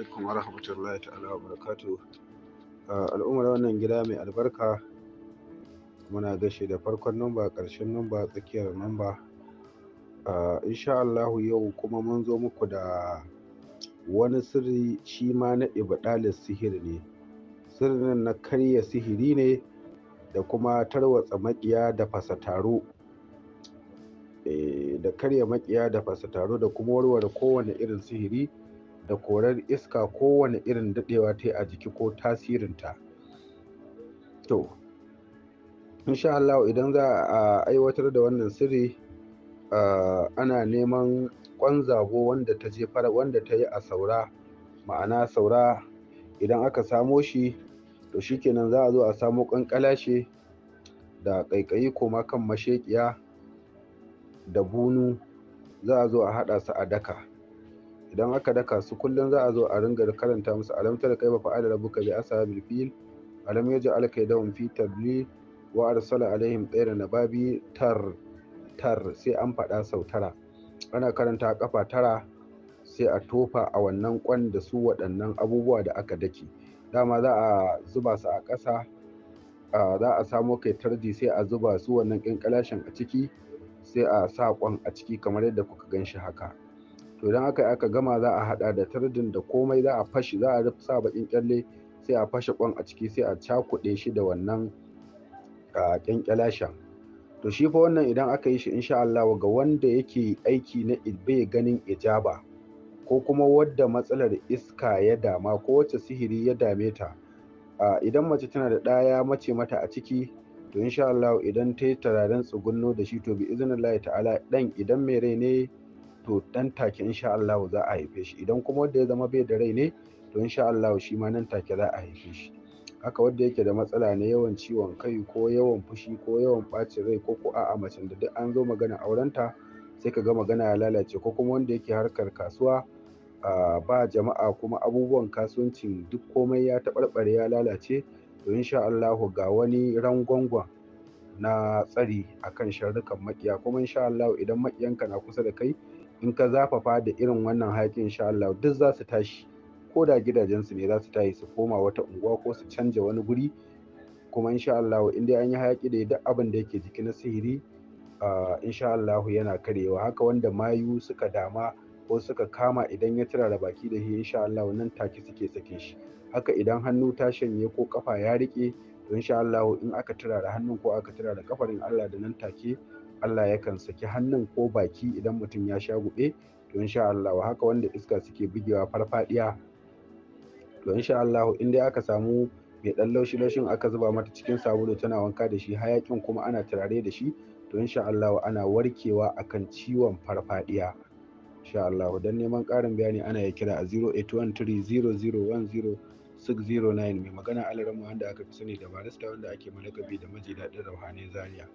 alaikum wa rahmatullahi ta'ala wa barakatuh al'ummar wannan gida mai albarka muna gashi da farkon namba ƙarshen namba tsakiyar namba insha Allahu yau kuma mun zo muku da wani sirri shi ma na ibadalin sihiri ne sirrin na karya sihiri ne da kuma tarwatsa maƙiya da fasataro eh, da karya maƙiya da taro da kuma warware kowane irin sihiri da korar iska kowane irin daɗewa ta yi a jiki ko tasirinta to insha Allah idan za a aiwatar da wannan sirri ana neman ƙwan zago wanda ta jefar wanda ta yi a saura ma'ana saura idan aka samo shi to shikenan za a zo a samo kankalashe da ƙaiƙayi koma kan mashekiya da bunu za a zo a haɗa su a daka idan aka daka su kullum za a zo a ringa karanta musu alam tara kaifa fa'ala rabbuka bi bil fil alam yaj'al kaydahum fi tadlil wa arsala alaihim tayran nababi tar tar sai an faɗa sau tara ana karanta kafa tara sai a tofa a wannan kwan da su waɗannan abubuwa da aka dake dama za a zuba su a ƙasa za a samo kai tarji sai a zuba su wannan ƙinƙalashin a ciki sai a sa kwan a ciki kamar yadda kuka gan shi haka to idan aka aka gama za a hada da tardin da komai za a fashi za a sa bakin kyalle sai a fashe kwan a ciki sai a cakuɗe shi da wannan kyankyalashen to shi fa wannan idan aka yi shi insha Allah ga wanda yake aiki na bai ganin ijaba ko kuma wadda matsalar iska ya dama ko wacce sihiri ya dame ta idan mace tana da ɗaya mace mata a ciki to insha Allah idan ta yi tararen tsugunno da shi to bi izinin ta'ala dan idan mai rai ne to dan take insha Allah za a haife shi idan kuma wanda ya zama bai da rai ne to insha Allah shi ma nan take za a haife shi haka wanda yake da matsala ne yawan ciwon kai ko yawan fushi ko yawan ɓacin rai ko ko a'a macen da duk an zo magana aurenta sai ka ga magana ya lalace ko kuma wanda yake harkar kasuwa ba jama'a kuma abubuwan kasuwancin duk komai ya taɓarɓare ya lalace to insha Allah ga wani rangwangwan na tsari akan sharrukan makiya kuma insha Allah idan maƙiyanka na kusa da kai in ka zafafa da irin wannan hayaƙi insha Allah duk za su tashi ko da gidajensu ne za su tashi su koma wata unguwa ko su canja wani guri kuma insha Allah in dai an yi hayaƙi da duk abin da yake jiki na sihiri insha Allah yana karewa haka wanda mayu suka dama ko suka kama idan ya tura da baki da shi insha Allah nan take suke sake shi haka idan hannu ta shanye ko kafa ya rike to insha Allah in aka tura da hannun ko aka tura da kafarin Allah da nan take Allah yakan saki hannun ko baki idan mutum ya sha guɓe? to insha Allah haka wanda iska suke bugewa farfadiya to insha Allah in dai aka samu mai dan laushi laushin aka zuba mata cikin sabulu tana wanka da shi hayakin kuma ana turare da shi to insha Allah ana warkewa akan ciwon farfadiya insha Allah dan neman ƙarin bayani ana ya kira a 08130010609 mai magana Alaramu wanda aka fi sani da barista wanda ake malakabi da maji daɗin rauhani zaria